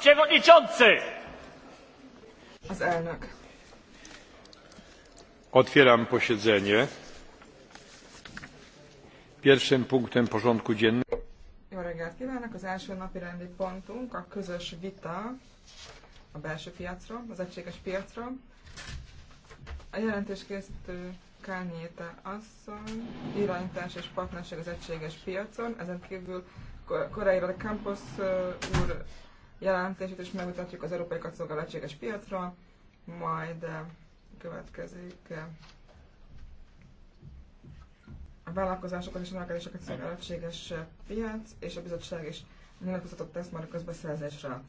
przewodniczący! Az Otwieram posiedzenie. Pierwszym punktem porządku dziennego. Jó reggelt kívánok! Az első napi rendi pontunk a közös vita a belső piacról, az egységes piacról. A jelentéskészítő Kányéte asszony, irányítás és partnerség az egységes piacon, ezen kívül Koreira de Campos úr jelentését, és megmutatjuk az európai szolgáló egységes piacról, majd eh, következik eh, a vállalkozásokat és a növekedéseket szolgáló egységes eh, piac, és a bizottság is nyilatkozatot tesz már a közbeszerzésre.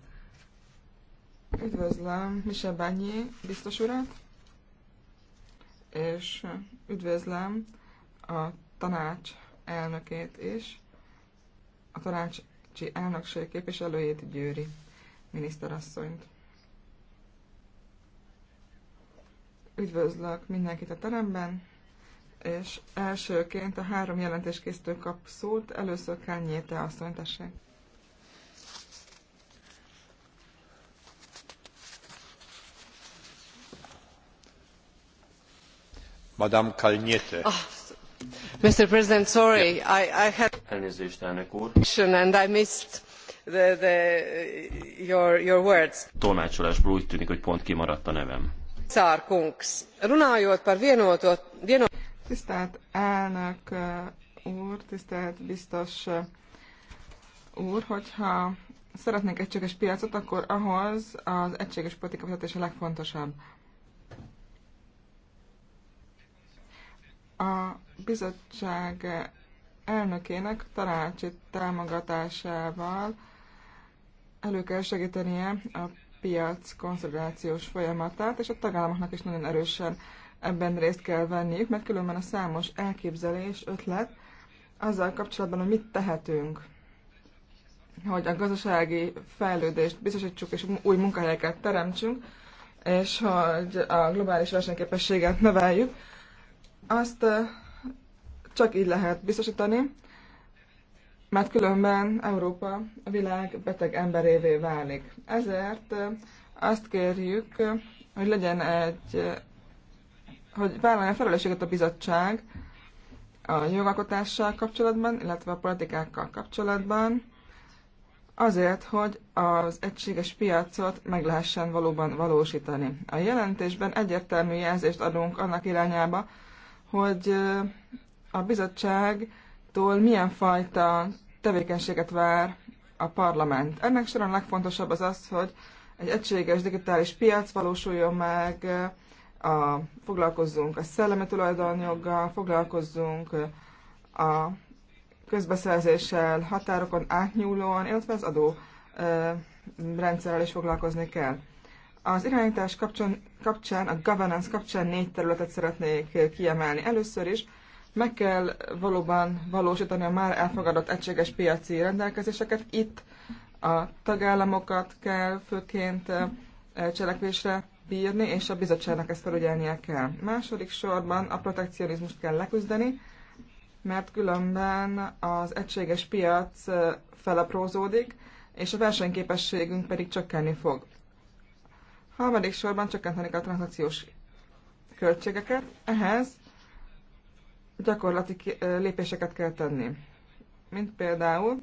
Üdvözlöm Michel Bányi biztos urat, és üdvözlöm a tanács elnökét is, a tanácsi elnökség képviselőjét Győri miniszterasszonyt. Üdvözlök mindenkit a teremben, és elsőként a három jelentéskészítő kap szót, először Kányéte asszony, tessék. Madame Kalnyete. Oh, ah, Mr. President, sorry, yeah. I, I had... Elnézést, elnök úr. ...and I missed the, the, your, your words. Tolmácsolásból úgy tűnik, hogy pont kimaradt a nevem. Szárkunks. Runājot par vienotot... Vienot... Tisztelt elnök uh, úr, tisztelt biztos uh, úr, hogyha szeretnénk egységes piacot, akkor ahhoz az egységes politika vezetése legfontosabb. A bizottság elnökének tanácsi támogatásával elő kell segítenie a piac konszolidációs folyamatát, és a tagállamoknak is nagyon erősen ebben részt kell venniük, mert különben a számos elképzelés, ötlet azzal kapcsolatban, hogy mit tehetünk, hogy a gazdasági fejlődést biztosítsuk és új munkahelyeket teremtsünk, és hogy a globális versenyképességet növeljük, azt csak így lehet biztosítani, mert különben Európa a világ beteg emberévé válik. Ezért azt kérjük, hogy legyen egy, hogy vállalja felelősséget a bizottság a jogalkotással kapcsolatban, illetve a politikákkal kapcsolatban, azért, hogy az egységes piacot meg lehessen valóban valósítani. A jelentésben egyértelmű jelzést adunk annak irányába, hogy a bizottság tól milyen fajta tevékenységet vár a parlament. Ennek során a legfontosabb az az, hogy egy egységes digitális piac valósuljon meg, a, foglalkozzunk a szellemi tulajdonjoggal, foglalkozzunk a közbeszerzéssel, határokon átnyúlóan, illetve az adó rendszerrel is foglalkozni kell. Az irányítás kapcsán, kapcsán, a governance kapcsán négy területet szeretnék kiemelni. Először is meg kell valóban valósítani a már elfogadott egységes piaci rendelkezéseket. Itt a tagállamokat kell főként cselekvésre bírni, és a bizottságnak ezt felügyelnie kell. Második sorban a protekcionizmust kell leküzdeni, mert különben az egységes piac felaprózódik, és a versenyképességünk pedig csökkenni fog. Harmadik sorban csökkentenik a transzakciós költségeket, ehhez gyakorlati lépéseket kell tenni. Mint például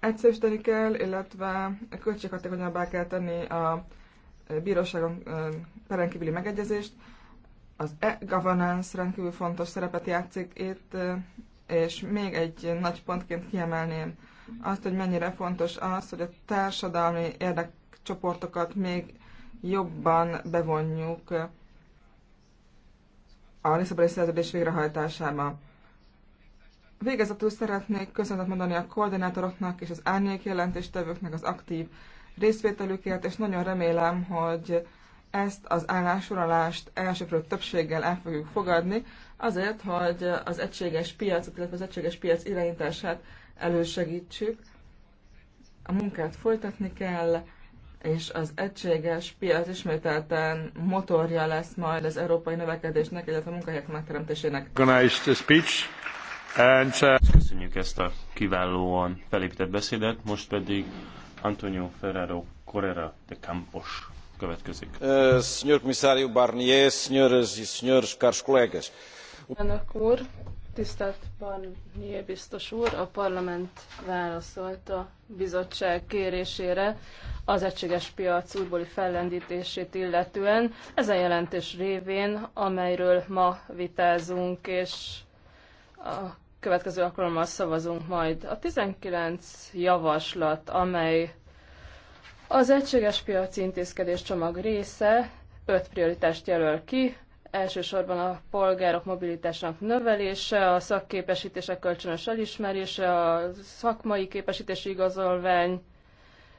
egyszerűsíteni kell, illetve költséghatékonyabbá kell tenni a bíróságon perenkívüli megegyezést. Az e-governance rendkívül fontos szerepet játszik itt, és még egy nagy pontként kiemelném azt, hogy mennyire fontos az, hogy a társadalmi érdekcsoportokat még jobban bevonjuk a Lisszaboni szerződés végrehajtásába. Végezetül szeretnék köszönetet mondani a koordinátoroknak és az árnyék jelentéstevőknek az aktív részvételükért, és nagyon remélem, hogy ezt az állásuralást elsőprő többséggel el fogjuk fogadni, azért, hogy az egységes piacot, illetve az egységes piac irányítását elősegítsük. A munkát folytatni kell, és az egységes piac ismételten motorja lesz majd az európai növekedésnek, illetve a munkahelyek megteremtésének. Speech. And, uh, Köszönjük ezt a kiválóan felépített beszédet, most pedig Antonio Ferrero Correra de Campos következik. Uh, Sr. Comissário Barnier, senhoras e senhores, caros colegas. Elnök úr, Tisztelt Barnier biztos úr, a parlament válaszolt a bizottság kérésére az egységes piac útbóli fellendítését illetően ezen jelentés révén, amelyről ma vitázunk, és a következő alkalommal szavazunk majd. A 19 javaslat, amely az egységes piac intézkedés csomag része, öt prioritást jelöl ki, elsősorban a polgárok mobilitásának növelése, a szakképesítések kölcsönös elismerése, a szakmai képesítési igazolvány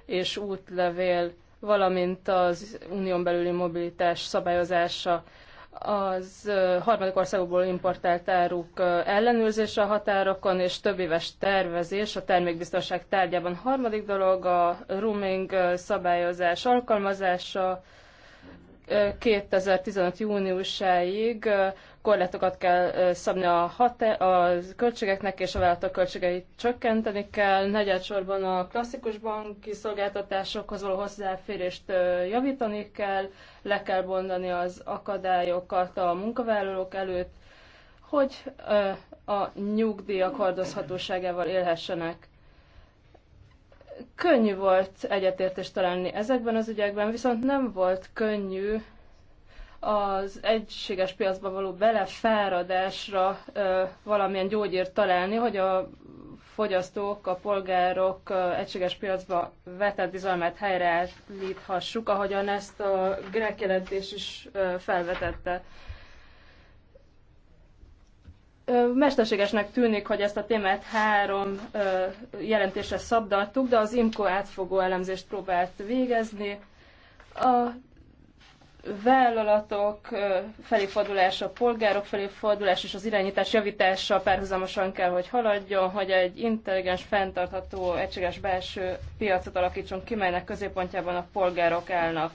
és útlevél, valamint az unión belüli mobilitás szabályozása, az harmadik országokból importált áruk ellenőrzése a határokon, és több éves tervezés a termékbiztonság tárgyában. Harmadik dolog a roaming szabályozás alkalmazása, 2015. júniusáig korlátokat kell szabni a, hate, a költségeknek, és a vállalatok költségeit csökkenteni kell. Negyedsorban a klasszikus banki szolgáltatásokhoz való hozzáférést javítani kell, le kell bondani az akadályokat a munkavállalók előtt, hogy a nyugdíjak hordozhatóságával élhessenek könnyű volt egyetértést találni ezekben az ügyekben, viszont nem volt könnyű az egységes piacba való belefáradásra ö, valamilyen gyógyírt találni, hogy a fogyasztók, a polgárok ö, egységes piacba vetett bizalmát helyreállíthassuk, ahogyan ezt a grek jelentés is ö, felvetette. Ö, mesterségesnek tűnik, hogy ezt a témát három jelentésre szabdaltuk, de az IMCO átfogó elemzést próbált végezni. A vállalatok felé fordulása, a polgárok felé fordulás és az irányítás javítása párhuzamosan kell, hogy haladjon, hogy egy intelligens, fenntartható, egységes belső piacot alakítson ki, melynek középpontjában a polgárok állnak.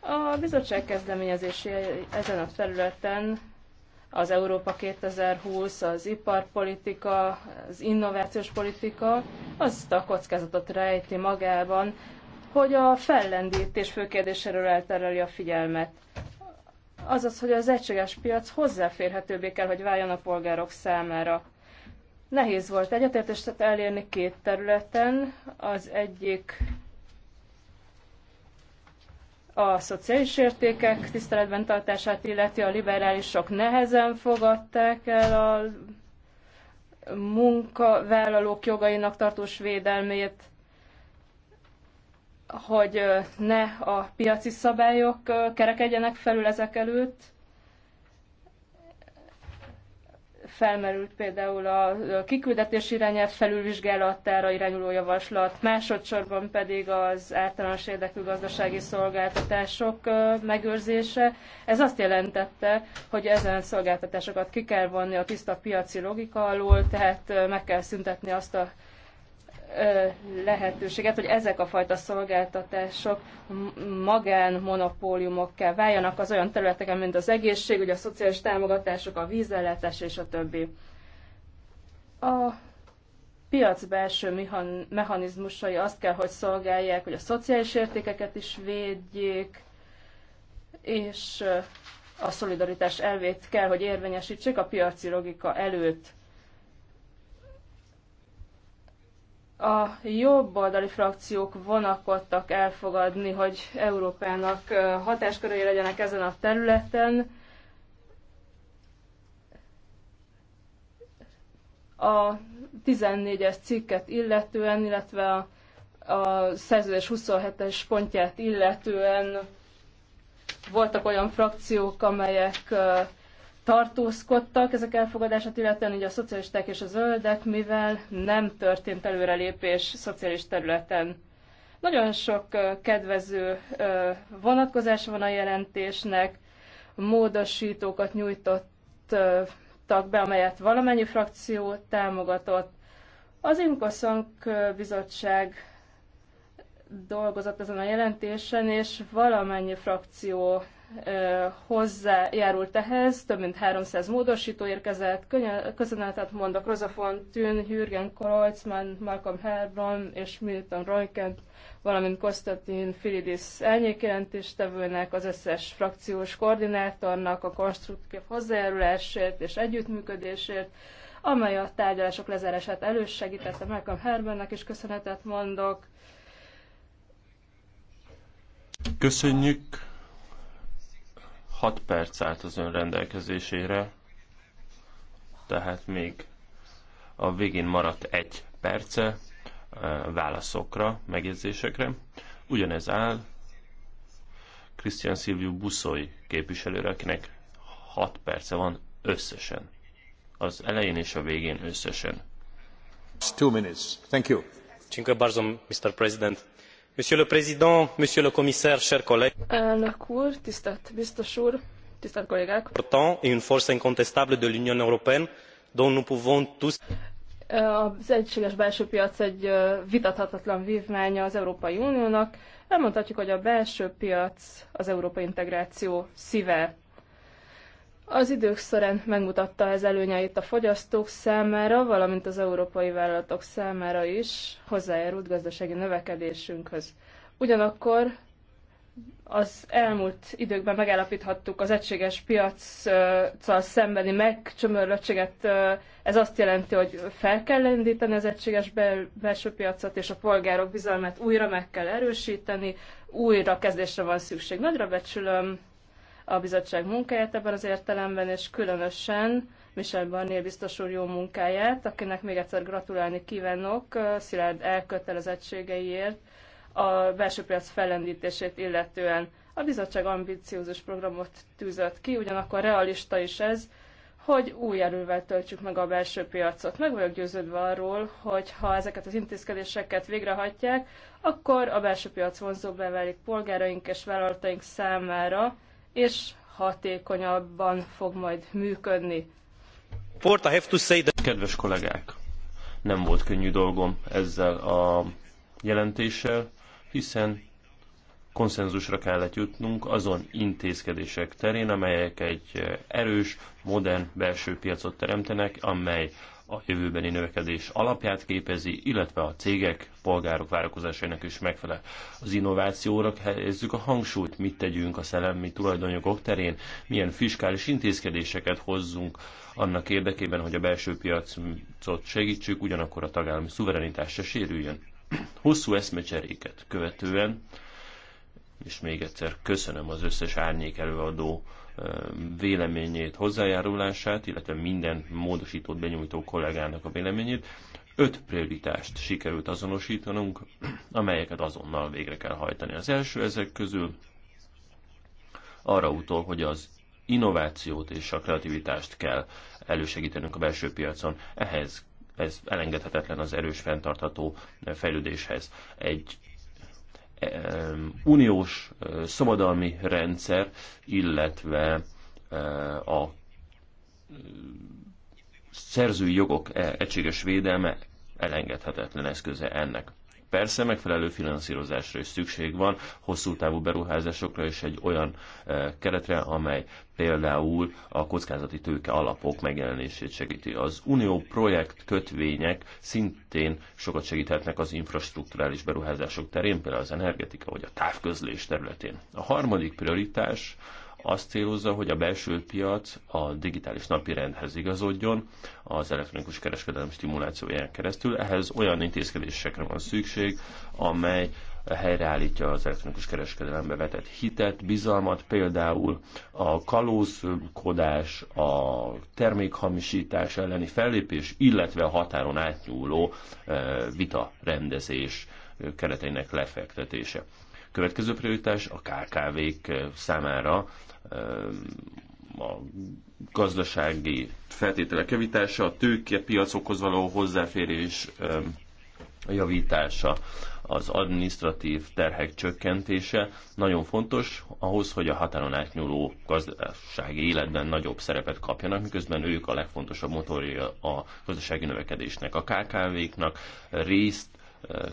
A bizottság kezdeményezési ezen a területen az Európa 2020, az iparpolitika, az innovációs politika, azt a kockázatot rejti magában, hogy a fellendítés kérdéséről eltereli a figyelmet. Azaz, hogy az egységes piac hozzáférhetőbbé kell, hogy váljon a polgárok számára. Nehéz volt egyetértést elérni két területen. Az egyik a szociális értékek tiszteletben tartását illeti a liberálisok nehezen fogadták el a munkavállalók jogainak tartós védelmét, hogy ne a piaci szabályok kerekedjenek felül ezek előtt, felmerült például a kiküldetés irányelv felülvizsgálatára irányuló javaslat, másodszorban pedig az általános érdekű gazdasági szolgáltatások megőrzése. Ez azt jelentette, hogy ezen szolgáltatásokat ki kell vonni a tiszta piaci logika alól, tehát meg kell szüntetni azt a lehetőséget, hogy ezek a fajta szolgáltatások magánmonopóliumokká váljanak az olyan területeken, mint az egészség, ugye a szociális támogatások, a vízellátás és a többi. A piac belső mechanizmusai azt kell, hogy szolgálják, hogy a szociális értékeket is védjék, és a szolidaritás elvét kell, hogy érvényesítsék a piaci logika előtt a jobb oldali frakciók vonakodtak elfogadni, hogy Európának hatáskörei legyenek ezen a területen. A 14-es cikket illetően, illetve a, a szerződés 27-es pontját illetően voltak olyan frakciók, amelyek uh, tartózkodtak ezek elfogadását, illetően ugye a szocialisták és a zöldek, mivel nem történt előrelépés szociális területen. Nagyon sok kedvező vonatkozás van a jelentésnek, módosítókat nyújtottak be, amelyet valamennyi frakció támogatott. Az Inkoszank bizottság dolgozott ezen a jelentésen, és valamennyi frakció hozzájárult ehhez, több mint 300 módosító érkezett, köszönetet mondok Rosa Tűn, Jürgen Kreuzmann, Malcolm Herbron és Milton Reukent, valamint Konstantin Filidis elnyékjelentéstevőnek, az összes frakciós koordinátornak a konstruktív hozzájárulásért és együttműködésért, amely a tárgyalások lezárását elősegítette Malcolm Herbennek, és köszönetet mondok. Köszönjük! 6 perc állt az ön rendelkezésére, tehát még a végén maradt egy perce válaszokra, megjegyzésekre. Ugyanez áll Krisztián Silvio Buszoly képviselőre, akinek 6 perce van összesen. Az elején és a végén összesen. Two minutes. Thank you. Mr. President monsieur le président monsieur le commissaire chers collègues une force incontestable de l'union européenne dont nous pouvons tous az egységes belső piac egy vitathatatlan vívmánya az Európai Uniónak. Elmondhatjuk, hogy a belső piac az európai integráció szíve. Az idők során megmutatta ez előnyeit a fogyasztók számára, valamint az európai vállalatok számára is hozzájárult gazdasági növekedésünkhöz. Ugyanakkor az elmúlt időkben megállapíthattuk az egységes piaccal szembeni megcsömörlöttséget. Ez azt jelenti, hogy fel kell lendíteni az egységes bel- belső piacot, és a polgárok bizalmát újra meg kell erősíteni, újra kezdésre van szükség. Nagyra becsülöm a bizottság munkáját ebben az értelemben, és különösen Michel Barnier biztos úr jó munkáját, akinek még egyszer gratulálni kívánok Szilárd elkötelezettségeiért a belső piac fellendítését illetően. A bizottság ambiciózus programot tűzött ki, ugyanakkor realista is ez, hogy új erővel töltsük meg a belső piacot. Meg vagyok győződve arról, hogy ha ezeket az intézkedéseket végrehajtják, akkor a belső piac vonzóbbá válik polgáraink és vállalataink számára, és hatékonyabban fog majd működni. Kedves kollégák, nem volt könnyű dolgom ezzel a jelentéssel, hiszen konszenzusra kellett jutnunk azon intézkedések terén, amelyek egy erős, modern belső piacot teremtenek, amely a jövőbeni növekedés alapját képezi, illetve a cégek, polgárok várakozásainak is megfelel. Az innovációra helyezzük a hangsúlyt, mit tegyünk a szellemi tulajdonjogok terén, milyen fiskális intézkedéseket hozzunk annak érdekében, hogy a belső piacot segítsük, ugyanakkor a tagállami szuverenitás se sérüljön. Hosszú eszmecseréket követően, és még egyszer köszönöm az összes árnyék előadó véleményét, hozzájárulását, illetve minden módosított benyújtó kollégának a véleményét. Öt prioritást sikerült azonosítanunk, amelyeket azonnal végre kell hajtani. Az első ezek közül arra utol, hogy az innovációt és a kreativitást kell elősegítenünk a belső piacon. Ehhez ez elengedhetetlen az erős fenntartható fejlődéshez. Egy uniós szabadalmi rendszer, illetve a szerzői jogok e, egységes védelme elengedhetetlen eszköze ennek. Persze megfelelő finanszírozásra is szükség van, hosszú távú beruházásokra és egy olyan e, keretre, amely például a kockázati tőke alapok megjelenését segíti. Az unió projekt kötvények szintén sokat segíthetnek az infrastruktúrális beruházások terén, például az energetika vagy a távközlés területén. A harmadik prioritás azt célozza, hogy a belső piac a digitális napirendhez igazodjon az elektronikus kereskedelem stimulációján keresztül. Ehhez olyan intézkedésekre van szükség, amely helyreállítja az elektronikus kereskedelembe vetett hitet, bizalmat, például a kalózkodás, a termékhamisítás elleni fellépés, illetve a határon átnyúló eh, vita rendezés eh, kereteinek lefektetése. Következő prioritás a KKV-k eh, számára eh, a gazdasági feltételek javítása, a tőkepiacokhoz való hozzáférés eh, javítása, az administratív terhek csökkentése nagyon fontos ahhoz, hogy a határon átnyúló gazdasági életben nagyobb szerepet kapjanak, miközben ők a legfontosabb motorja a gazdasági növekedésnek, a KKV-knak részt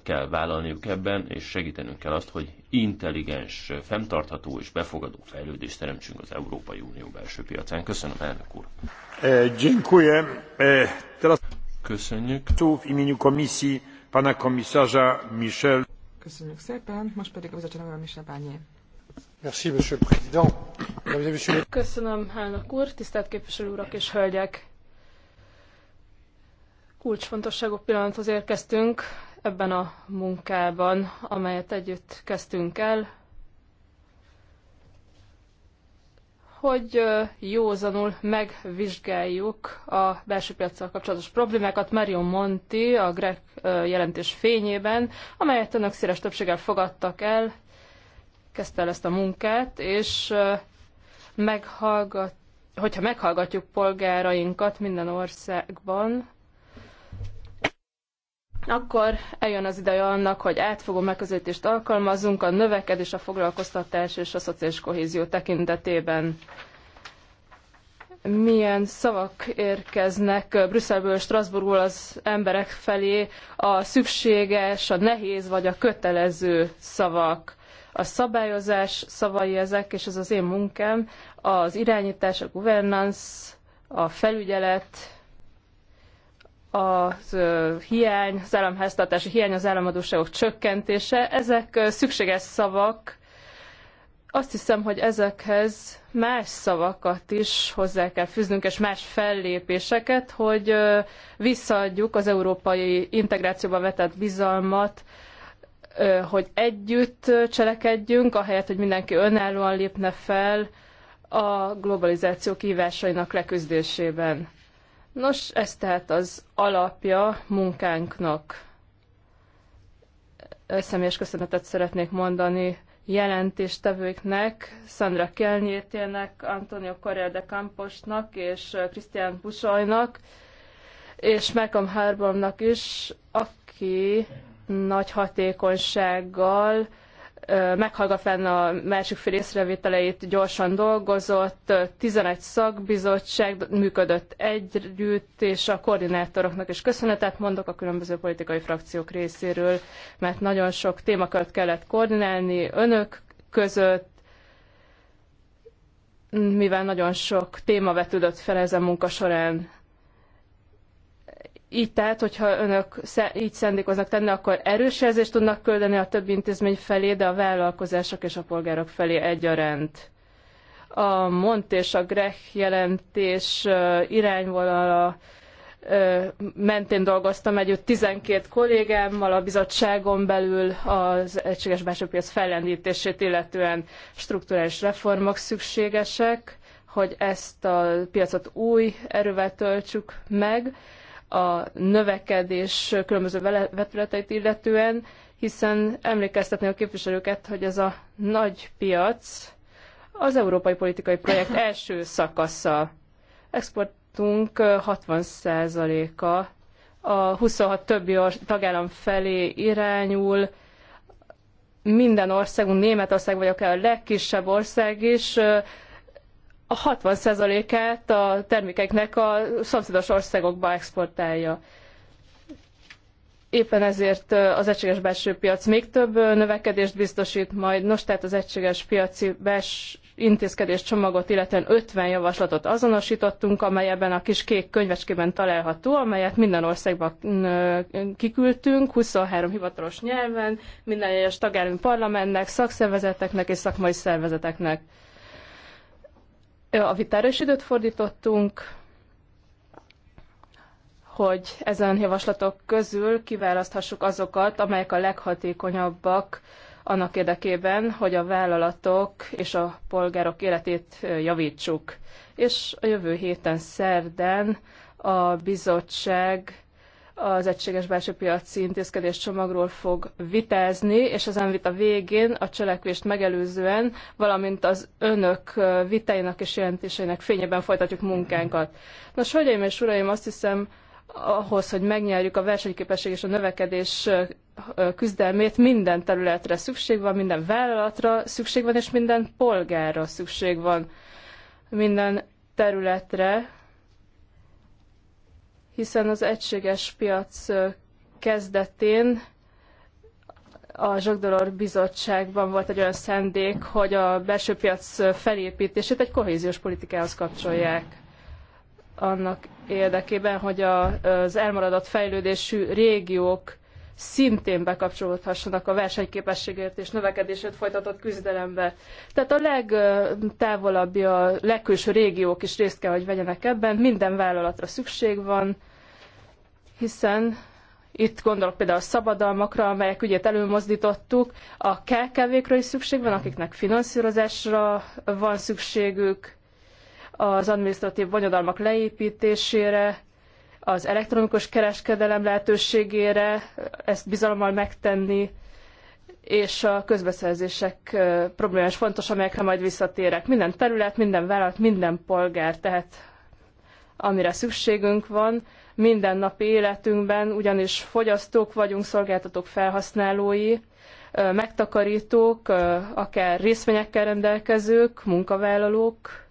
kell vállalniuk ebben, és segítenünk kell azt, hogy intelligens, fenntartható és befogadó fejlődést teremtsünk az Európai Unió belső piacán. Köszönöm, elnök úr! Eh, eh, Köszönjük! Köszönjük szépen, most pedig a bizottság Michel Barnier. Merci, monsieur le président. Köszönöm, elnök úr, tisztelt képviselő urak és hölgyek! Kulcsfontosságú pillanathoz érkeztünk, ebben a munkában, amelyet együtt kezdtünk el, hogy józanul megvizsgáljuk a belső piacsal kapcsolatos problémákat Mario Monti a Greg jelentés fényében, amelyet önök széles többséggel fogadtak el, kezdte el ezt a munkát, és meghallgat, hogyha meghallgatjuk polgárainkat minden országban, akkor eljön az ideje annak, hogy átfogó megközelítést alkalmazzunk a növekedés, a foglalkoztatás és a szociális kohézió tekintetében. Milyen szavak érkeznek Brüsszelből, Strasbourgból az emberek felé, a szükséges, a nehéz vagy a kötelező szavak. A szabályozás szavai ezek, és ez az én munkám, az irányítás, a governance, a felügyelet, a hiány, az államháztartási hiány, az államadóságok csökkentése, ezek szükséges szavak. Azt hiszem, hogy ezekhez más szavakat is hozzá kell fűznünk, és más fellépéseket, hogy visszaadjuk az európai integrációba vetett bizalmat, hogy együtt cselekedjünk, ahelyett, hogy mindenki önállóan lépne fel a globalizáció kívásainak leküzdésében Nos, ez tehát az alapja munkánknak. Személyes köszönetet szeretnék mondani jelentéstevőknek, Sandra Kelnyétének, Antonio Correa de Camposnak és Krisztián Busajnak, és Malcolm Harbornak is, aki nagy hatékonysággal meghallgatva a másik fél észrevételeit gyorsan dolgozott, 11 szakbizottság működött együtt, és a koordinátoroknak is köszönetet mondok a különböző politikai frakciók részéről, mert nagyon sok témakört kellett koordinálni önök között, mivel nagyon sok téma vetődött fel ezen munka során így tehát, hogyha önök így szándékoznak tenni, akkor erős jelzést tudnak küldeni a többi intézmény felé, de a vállalkozások és a polgárok felé egyaránt. A Mont és a Grech jelentés irányvonala mentén dolgoztam együtt 12 kollégámmal a bizottságon belül az egységes belső piac fellendítését, illetően strukturális reformok szükségesek, hogy ezt a piacot új erővel töltsük meg a növekedés különböző vetületeit illetően, hiszen emlékeztetni a képviselőket, hogy ez a nagy piac az európai politikai projekt első szakasza. Exportunk 60%-a a 26 többi tagállam felé irányul, minden országunk, Németország vagy akár a legkisebb ország is a 60%-át a termékeknek a szomszédos országokba exportálja. Éppen ezért az egységes belső piac még több növekedést biztosít majd. Nos, tehát az egységes piaci belső intézkedés csomagot, illetően 50 javaslatot azonosítottunk, amely ebben a kis kék könyvecskében található, amelyet minden országban kiküldtünk, 23 hivatalos nyelven, minden egyes tagállami parlamentnek, szakszervezeteknek és szakmai szervezeteknek. A vitára időt fordítottunk, hogy ezen javaslatok közül kiválaszthassuk azokat, amelyek a leghatékonyabbak annak érdekében, hogy a vállalatok és a polgárok életét javítsuk. És a jövő héten szerden a bizottság az egységes belső piaci intézkedés csomagról fog vitázni, és ezen vita végén a cselekvést megelőzően, valamint az önök vitáinak és jelentéseinek fényében folytatjuk munkánkat. Nos, hölgyeim és uraim, azt hiszem, ahhoz, hogy megnyerjük a versenyképesség és a növekedés küzdelmét, minden területre szükség van, minden vállalatra szükség van, és minden polgárra szükség van. Minden területre, hiszen az egységes piac kezdetén a Zsagdolor Bizottságban volt egy olyan szendék, hogy a belső piac felépítését egy kohéziós politikához kapcsolják annak érdekében, hogy az elmaradott fejlődésű régiók szintén bekapcsolódhassanak a versenyképességért és növekedésért folytatott küzdelembe. Tehát a legtávolabbi, a legkülső régiók is részt kell, hogy vegyenek ebben, minden vállalatra szükség van, hiszen itt gondolok például a szabadalmakra, amelyek ügyét előmozdítottuk, a KKV-kra is szükség van, akiknek finanszírozásra van szükségük, az administratív bonyodalmak leépítésére, az elektronikus kereskedelem lehetőségére, ezt bizalommal megtenni, és a közbeszerzések problémás fontos, amelyekre majd visszatérek. Minden terület, minden vállalat, minden polgár, tehát amire szükségünk van, mindennapi életünkben, ugyanis fogyasztók vagyunk, szolgáltatók felhasználói, megtakarítók, akár részvényekkel rendelkezők, munkavállalók,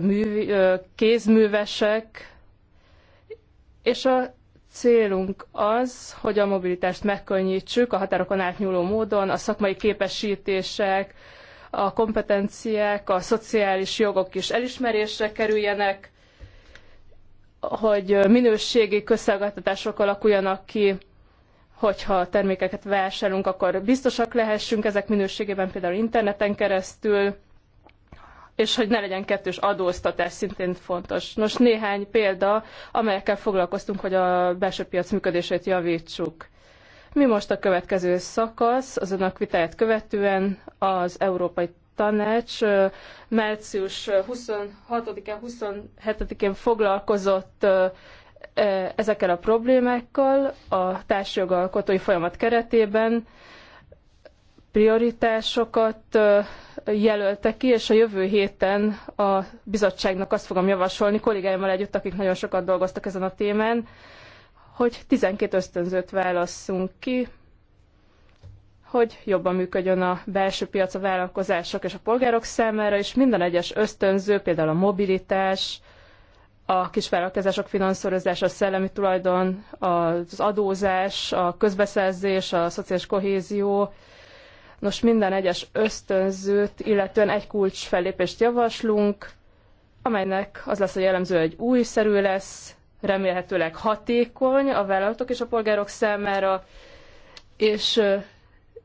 művi, kézművesek, és a célunk az, hogy a mobilitást megkönnyítsük a határokon átnyúló módon, a szakmai képesítések, a kompetenciák, a szociális jogok is elismerésre kerüljenek, hogy minőségi közszolgáltatások alakuljanak ki, hogyha termékeket vásárolunk, akkor biztosak lehessünk ezek minőségében, például interneten keresztül, és hogy ne legyen kettős adóztatás szintén fontos. Nos, néhány példa, amelyekkel foglalkoztunk, hogy a belső piac működését javítsuk. Mi most a következő szakasz, az önök vitáját követően az Európai tanács március 26-án, 27-én foglalkozott ezekkel a problémákkal a társjogalkotói folyamat keretében prioritásokat jelölte ki, és a jövő héten a bizottságnak azt fogom javasolni kollégáimmal együtt, akik nagyon sokat dolgoztak ezen a témán, hogy 12 ösztönzőt válasszunk ki, hogy jobban működjön a belső piac a vállalkozások és a polgárok számára, és minden egyes ösztönző, például a mobilitás, a kisvállalkozások finanszírozása, a szellemi tulajdon, az adózás, a közbeszerzés, a szociális kohézió. Nos, minden egyes ösztönzőt, illetően egy kulcs fellépést javaslunk, amelynek az lesz a jellemző, hogy újszerű lesz, remélhetőleg hatékony a vállalatok és a polgárok számára, és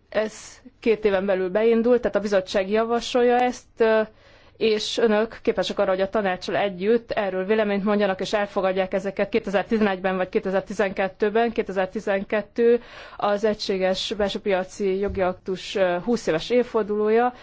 ez két éven belül beindult, tehát a bizottság javasolja ezt, és önök képesek arra, hogy a tanácsal együtt erről véleményt mondjanak, és elfogadják ezeket 2011-ben vagy 2012-ben. 2012 az egységes belső piaci jogi aktus 20 éves évfordulója,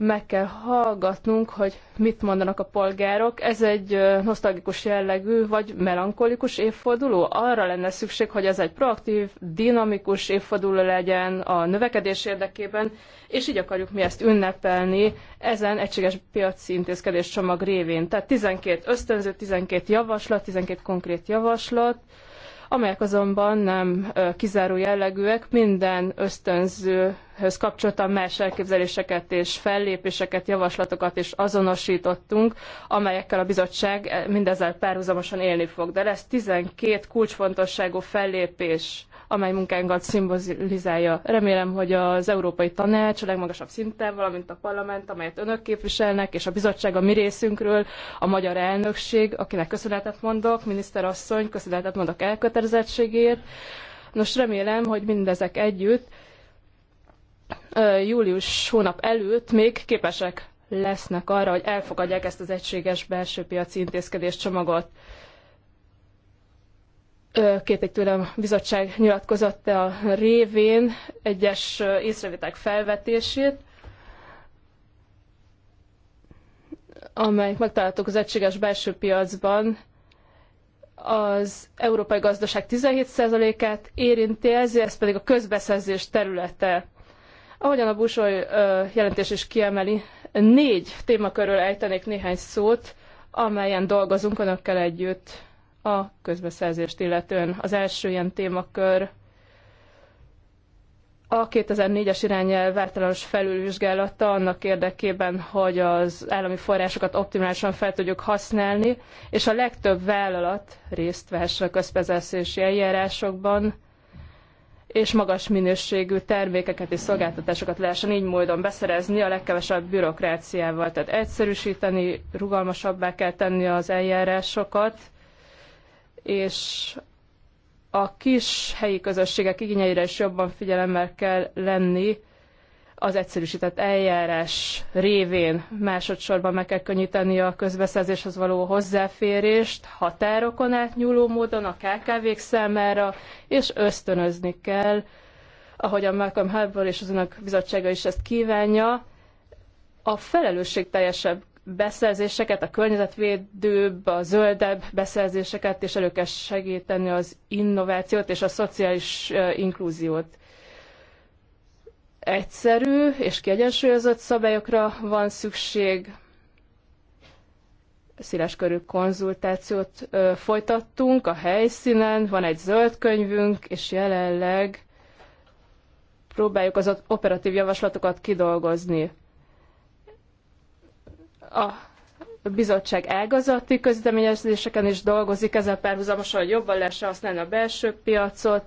meg kell hallgatnunk, hogy mit mondanak a polgárok. Ez egy nosztalgikus jellegű, vagy melankolikus évforduló. Arra lenne szükség, hogy ez egy proaktív, dinamikus évforduló legyen a növekedés érdekében, és így akarjuk mi ezt ünnepelni ezen egységes piaci intézkedés csomag révén. Tehát 12 ösztönző, 12 javaslat, 12 konkrét javaslat, amelyek azonban nem kizáró jellegűek, minden ösztönzőhöz kapcsoltan más elképzeléseket és fellépéseket, javaslatokat is azonosítottunk, amelyekkel a bizottság e, mindezzel párhuzamosan élni fog. De lesz 12 kulcsfontosságú fellépés amely munkánkat szimbolizálja. Remélem, hogy az Európai Tanács a legmagasabb szinten, valamint a parlament, amelyet önök képviselnek, és a bizottság a mi részünkről, a magyar elnökség, akinek köszönetet mondok, miniszterasszony, köszönetet mondok elkötelezettségért. Nos, remélem, hogy mindezek együtt július hónap előtt még képesek lesznek arra, hogy elfogadják ezt az egységes belső piaci intézkedés csomagot kérték tőlem a bizottság nyilatkozatta a révén egyes észrevétek felvetését, amelyek megtalálhatók az egységes belső piacban, az európai gazdaság 17%-át érinti ez, ez pedig a közbeszerzés területe. Ahogyan a Busoly jelentés is kiemeli, négy témakörről ejtenék néhány szót, amelyen dolgozunk önökkel együtt a közbeszerzést illetően. Az első ilyen témakör a 2004-es irányelv általános felülvizsgálata annak érdekében, hogy az állami forrásokat optimálisan fel tudjuk használni, és a legtöbb vállalat részt vehessen a közbeszerzési eljárásokban, és magas minőségű termékeket és szolgáltatásokat lehessen így módon beszerezni a legkevesebb bürokráciával. Tehát egyszerűsíteni, rugalmasabbá kell tenni az eljárásokat, és a kis helyi közösségek igényeire is jobban figyelemmel kell lenni az egyszerűsített eljárás révén. Másodszorban meg kell könnyíteni a közbeszerzéshez való hozzáférést határokon átnyúló módon a KKV-k számára, és ösztönözni kell, ahogy a Malcolm Harbour és az önök bizottsága is ezt kívánja, a felelősségteljesebb beszerzéseket, a környezetvédőbb, a zöldebb beszerzéseket, és elő kell segíteni az innovációt és a szociális inklúziót. Egyszerű és kiegyensúlyozott szabályokra van szükség. Széleskörű konzultációt folytattunk a helyszínen, van egy zöld könyvünk, és jelenleg próbáljuk az operatív javaslatokat kidolgozni a bizottság ágazati közleményezéseken is dolgozik, ezzel párhuzamosan jobban lehessen használni a belső piacot,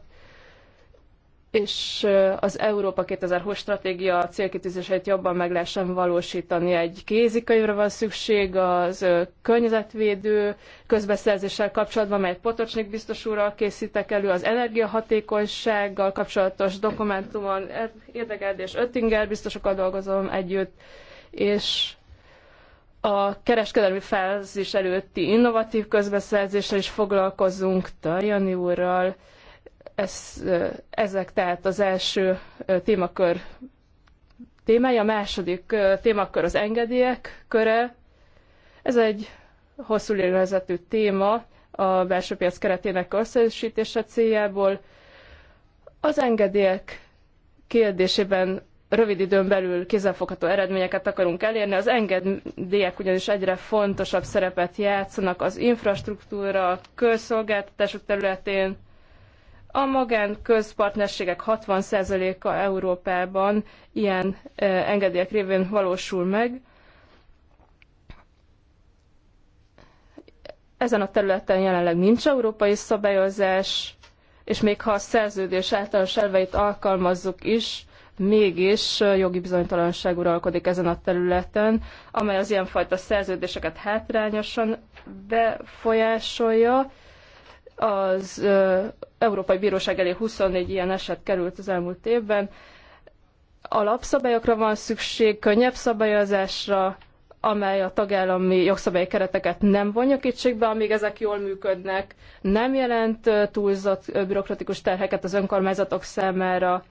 és az Európa 2020 stratégia célkitűzéseit jobban meg lehessen valósítani. Egy kézikönyvre van szükség az környezetvédő közbeszerzéssel kapcsolatban, melyet Potocsnik biztos úrral készítek elő, az energiahatékonysággal kapcsolatos dokumentumon, és Öttinger biztosokkal dolgozom együtt, és a kereskedelmi fázis előtti innovatív közbeszerzéssel is foglalkozunk, Tajani úrral. Ez, ezek tehát az első témakör témája. A második témakör az engedélyek köre. Ez egy hosszú lélezetű téma a belső piac keretének összesítése céljából. Az engedélyek kérdésében rövid időn belül kézzelfogható eredményeket akarunk elérni. Az engedélyek ugyanis egyre fontosabb szerepet játszanak az infrastruktúra, a közszolgáltatások területén. A magán közpartnerségek 60%-a Európában ilyen e, engedélyek révén valósul meg. Ezen a területen jelenleg nincs európai szabályozás, és még ha a szerződés általános elveit alkalmazzuk is, mégis jogi bizonytalanság uralkodik ezen a területen, amely az ilyenfajta szerződéseket hátrányosan befolyásolja. Az Európai Bíróság elé 24 ilyen eset került az elmúlt évben. Alapszabályokra van szükség, könnyebb szabályozásra, amely a tagállami jogszabályi kereteket nem vonja kétségbe, amíg ezek jól működnek, nem jelent túlzott bürokratikus terheket az önkormányzatok számára,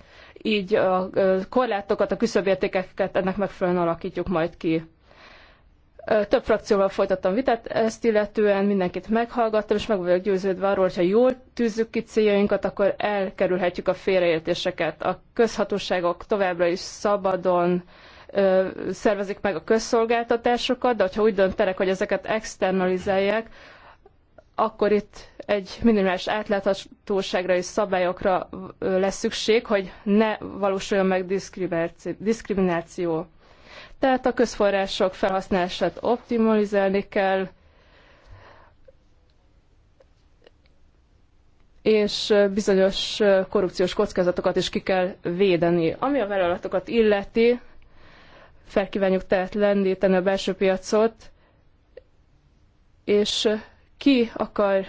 így a korlátokat, a küszöbértékeket ennek megfelelően alakítjuk majd ki. Több frakcióval folytattam vitát ezt illetően, mindenkit meghallgattam, és meg vagyok győződve arról, hogy ha jól tűzzük ki céljainkat, akkor elkerülhetjük a félreértéseket. A közhatóságok továbbra is szabadon szervezik meg a közszolgáltatásokat, de ha úgy döntenek, hogy ezeket externalizálják, akkor itt egy minimális átláthatóságra és szabályokra lesz szükség, hogy ne valósuljon meg diszkrimináció. Tehát a közforrások felhasználását optimalizálni kell, és bizonyos korrupciós kockázatokat is ki kell védeni. Ami a vállalatokat illeti, Felkívánjuk tehát lendíteni a belső piacot, és ki akar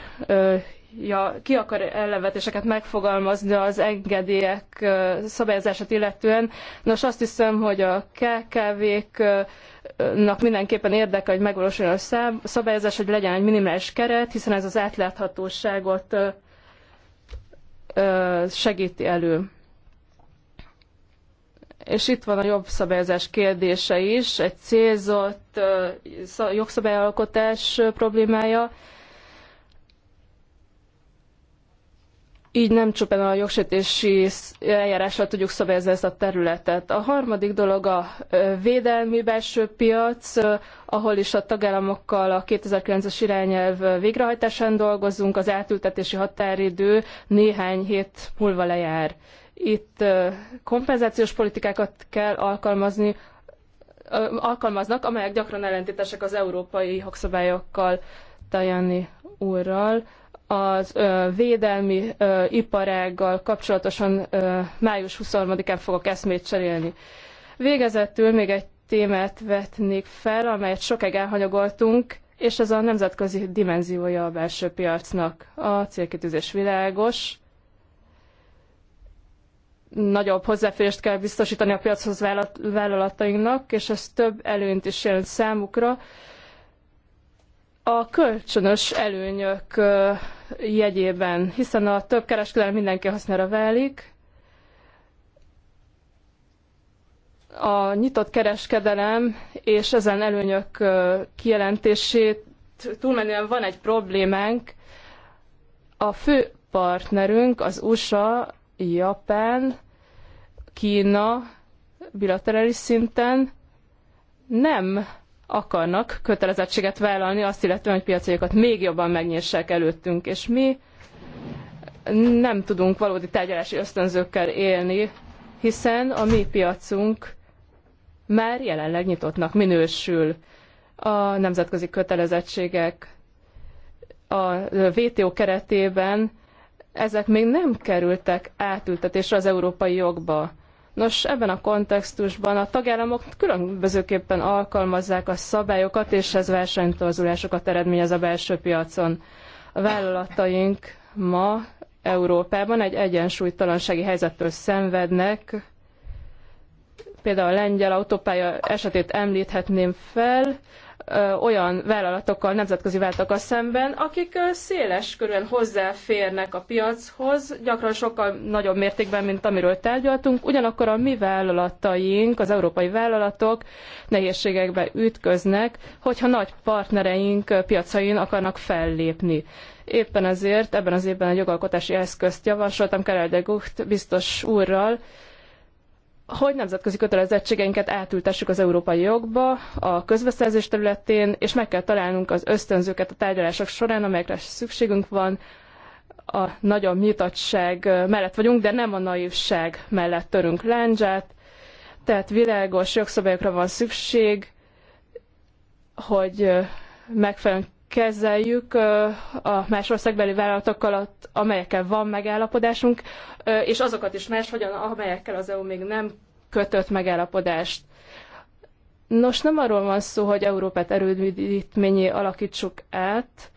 ja, ki akar ellenvetéseket megfogalmazni az engedélyek szabályozását illetően. Nos, azt hiszem, hogy a KKV-knak mindenképpen érdeke, hogy megvalósuljon a szabályozás, hogy legyen egy minimális keret, hiszen ez az átláthatóságot segíti elő. És itt van a jogszabályozás kérdése is, egy célzott jogszabályalkotás problémája. Így nem csupán a jogsértési eljárással tudjuk szabályozni ezt a területet. A harmadik dolog a védelmi belső piac, ahol is a tagállamokkal a 2009-es irányelv végrehajtásán dolgozunk, az átültetési határidő néhány hét múlva lejár. Itt kompenzációs politikákat kell alkalmazni, alkalmaznak, amelyek gyakran ellentétesek az európai jogszabályokkal, Tajani úrral. Az védelmi ö, iparággal kapcsolatosan május 23-án fogok eszmét cserélni. Végezetül még egy témát vetnék fel, amelyet sokáig elhanyagoltunk, és ez a nemzetközi dimenziója a belső piacnak. A célkitűzés világos, nagyobb hozzáférést kell biztosítani a piachoz vállalatainknak, és ez több előnyt is jelent számukra. A kölcsönös előnyök jegyében, hiszen a több kereskedelem mindenki hasznára válik, a nyitott kereskedelem és ezen előnyök kijelentését túlmenően van egy problémánk. A fő partnerünk az USA, Japán, Kína bilaterális szinten nem akarnak kötelezettséget vállalni, azt illetően, hogy piacaikat még jobban megnyissák előttünk, és mi nem tudunk valódi tárgyalási ösztönzőkkel élni, hiszen a mi piacunk már jelenleg nyitottnak minősül a nemzetközi kötelezettségek a WTO keretében, ezek még nem kerültek átültetésre az európai jogba. Nos, ebben a kontextusban a tagállamok különbözőképpen alkalmazzák a szabályokat, és ez versenytorzulásokat eredményez a belső piacon. A vállalataink ma Európában egy egyensúlytalansági helyzettől szenvednek. Például a lengyel autópálya esetét említhetném fel, olyan vállalatokkal, nemzetközi vállalatokkal szemben, akik széles körülön hozzáférnek a piachoz, gyakran sokkal nagyobb mértékben, mint amiről tárgyaltunk. Ugyanakkor a mi vállalataink, az európai vállalatok nehézségekbe ütköznek, hogyha nagy partnereink piacain akarnak fellépni. Éppen ezért ebben az évben egy jogalkotási eszközt javasoltam Karel de Gucht biztos úrral, hogy nemzetközi kötelezettségeinket átültessük az európai jogba a közbeszerzés területén, és meg kell találnunk az ösztönzőket a tárgyalások során, amelyekre szükségünk van. A nagyon nyitottság mellett vagyunk, de nem a naivság mellett törünk láncsát, tehát világos jogszabályokra van szükség, hogy megfelelően kezeljük a más országbeli vállalatokkal, amelyekkel van megállapodásunk, és azokat is más, amelyekkel az EU még nem kötött megállapodást. Nos, nem arról van szó, hogy Európát erődítményé alakítsuk át,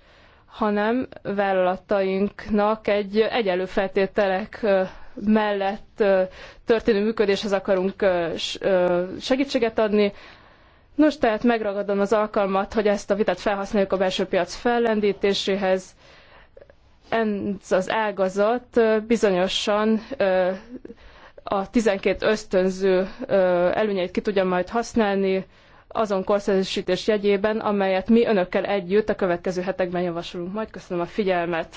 hanem vállalatainknak egy egyenlő feltételek mellett történő működéshez akarunk segítséget adni, Nos, tehát megragadom az alkalmat, hogy ezt a vitát felhasználjuk a belső piac fellendítéséhez. Ez az ágazat bizonyosan a 12 ösztönző előnyeit ki tudja majd használni azon korszerűsítés jegyében, amelyet mi önökkel együtt a következő hetekben javasolunk. Majd köszönöm a figyelmet.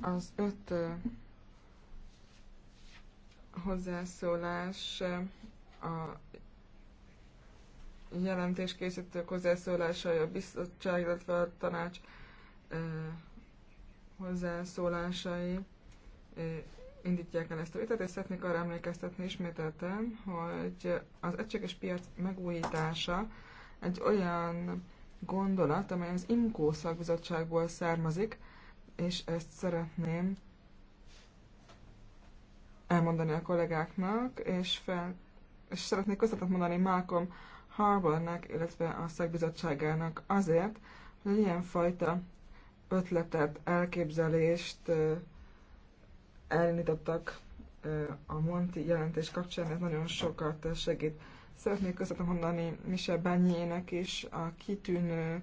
Az öt hozzászólás a jelentés készítők hozzászólásai, a biztonság, illetve a tanács hozzászólásai indítják el ezt a vitát, és szeretnék arra emlékeztetni ismételten, hogy az egységes piac megújítása egy olyan gondolat, amely az IMCO szakbizottságból származik, és ezt szeretném elmondani a kollégáknak, és, fel, és szeretnék köszönetet mondani Malcolm Harbornak, illetve a szakbizottságának azért, hogy ilyenfajta ötletet, elképzelést elindítottak a Monti jelentés kapcsán, ez nagyon sokat segít. Szeretnék köszönetet mondani Michel Bányének is a kitűnő,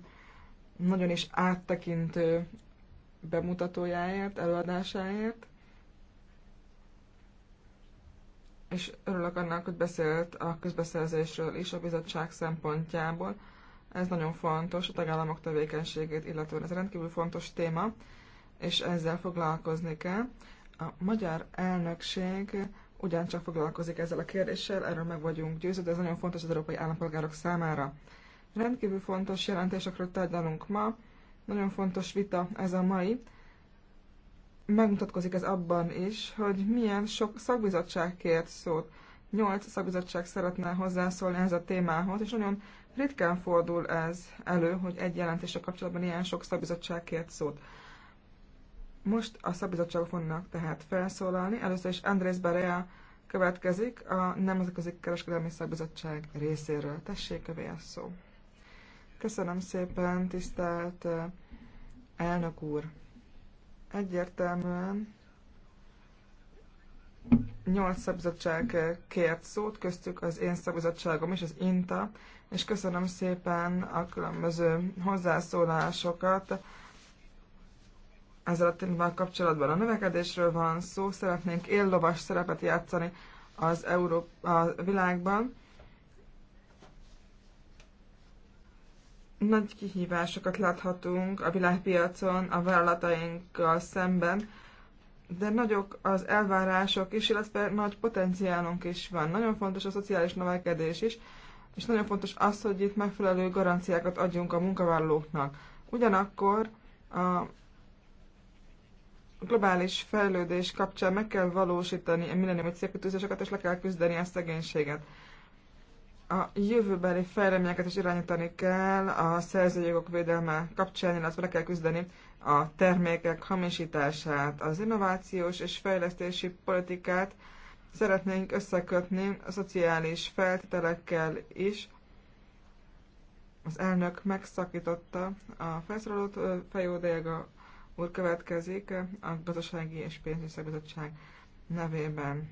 nagyon is áttekintő bemutatójáért, előadásáért, és örülök annak, hogy beszélt a közbeszerzésről is a bizottság szempontjából. Ez nagyon fontos a tagállamok tevékenységét, illetően ez rendkívül fontos téma, és ezzel foglalkozni kell. A magyar elnökség ugyancsak foglalkozik ezzel a kérdéssel, erről meg vagyunk győződve, ez nagyon fontos az európai állampolgárok számára. Rendkívül fontos jelentésekről tárgyalunk ma, nagyon fontos vita ez a mai. Megmutatkozik ez abban is, hogy milyen sok szakbizottság kért szót. Nyolc szakbizottság szeretne hozzászólni ez a témához, és nagyon ritkán fordul ez elő, hogy egy jelentése kapcsolatban ilyen sok szakbizottság kért szót. Most a szabizottságok fognak tehát felszólalni. Először is Andrész Berea következik a Nemzetközi Kereskedelmi Szakbizottság részéről. Tessék, kövé a szó. Köszönöm szépen, tisztelt elnök úr. Egyértelműen nyolc szabizottság kért szót, köztük az én szabizottságom és az INTA, és köszönöm szépen a különböző hozzászólásokat. Ezzel a témával kapcsolatban a növekedésről van szó, szeretnénk éllovas szerepet játszani az Európa a világban, nagy kihívásokat láthatunk a világpiacon a vállalatainkkal szemben, de nagyok az elvárások is, illetve nagy potenciálunk is van. Nagyon fontos a szociális növekedés is, és nagyon fontos az, hogy itt megfelelő garanciákat adjunk a munkavállalóknak. Ugyanakkor a globális fejlődés kapcsán meg kell valósítani a millenium célkötőzéseket, és le kell küzdeni a szegénységet a jövőbeli fejleményeket is irányítani kell a szerzőjogok védelme kapcsán, illetve le kell küzdeni a termékek hamisítását, az innovációs és fejlesztési politikát szeretnénk összekötni a szociális feltételekkel is. Az elnök megszakította a felszólalót, Fejó Délga úr következik a Gazdasági és Pénzügyi Szakbizottság nevében.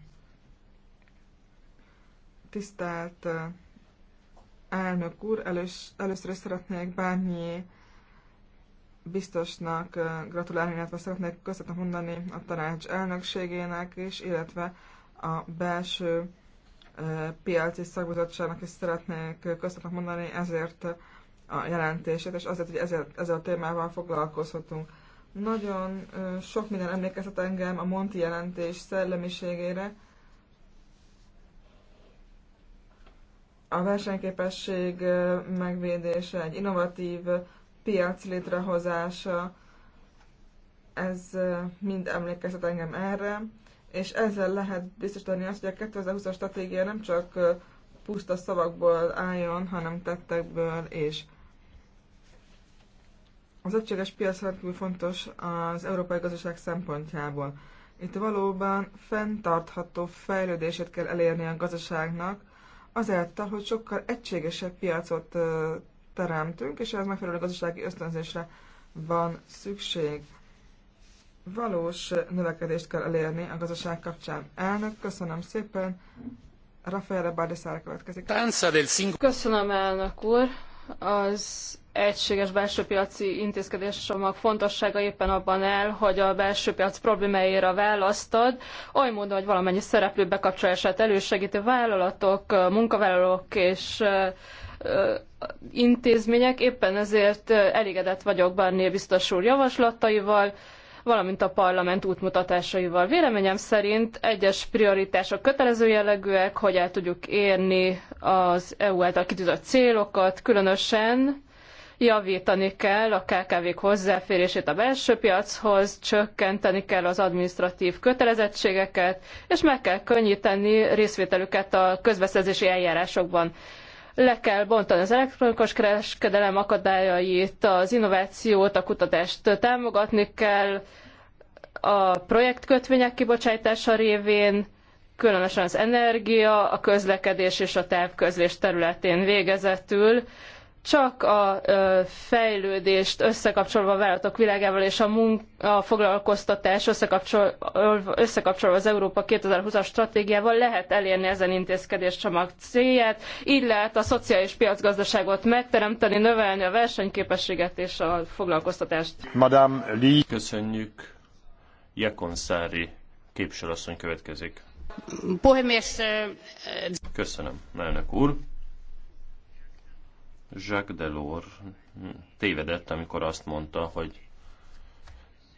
Tisztelt elnök úr! Elős, először is szeretnék bármi biztosnak gratulálni, illetve szeretnék köszönet mondani a tanács elnökségének is, illetve a belső PLC szakbizottságnak is szeretnék köszönet mondani ezért a jelentését, és azért, hogy ezzel, ezzel a témával foglalkozhatunk. Nagyon sok minden emlékeztet engem a Monti jelentés szellemiségére, a versenyképesség megvédése, egy innovatív piac létrehozása, ez mind emlékeztet engem erre, és ezzel lehet biztosítani azt, hogy a 2020-as stratégia nem csak puszta szavakból álljon, hanem tettekből és az egységes piac rendkívül fontos az európai gazdaság szempontjából. Itt valóban fenntartható fejlődését kell elérni a gazdaságnak, azáltal, hogy sokkal egységesebb piacot teremtünk, és ez megfelelő gazdasági ösztönzésre van szükség. Valós növekedést kell elérni a gazdaság kapcsán. Elnök, köszönöm szépen. Rafael Bárdeszára következik. Köszönöm, elnök úr. Az egységes belső piaci intézkedés fontossága éppen abban el, hogy a belső piac problémáira választ ad, oly módon, hogy valamennyi szereplő bekapcsolását elősegíti vállalatok, munkavállalók és intézmények, éppen ezért elégedett vagyok Barnier biztos úr javaslataival, valamint a parlament útmutatásaival. Véleményem szerint egyes prioritások kötelező jellegűek, hogy el tudjuk érni az EU által kitűzött célokat, különösen javítani kell a KKV-k hozzáférését a belső piachoz, csökkenteni kell az administratív kötelezettségeket, és meg kell könnyíteni részvételüket a közbeszerzési eljárásokban le kell bontani az elektronikus kereskedelem akadályait, az innovációt, a kutatást támogatni kell, a projektkötvények kibocsátása révén, különösen az energia, a közlekedés és a távközlés területén végezetül csak a fejlődést összekapcsolva a vállalatok világával és a, mun- a foglalkoztatás összekapcsolva, összekapcsolva az Európa 2020-as stratégiával lehet elérni ezen intézkedés csomag célját. Így lehet a szociális piacgazdaságot megteremteni, növelni a versenyképességet és a foglalkoztatást. Madame Lee. Köszönjük. Jekonszári képviselőasszony következik. Puhemies. Köszönöm, elnök úr. Jacques Delors tévedett, amikor azt mondta, hogy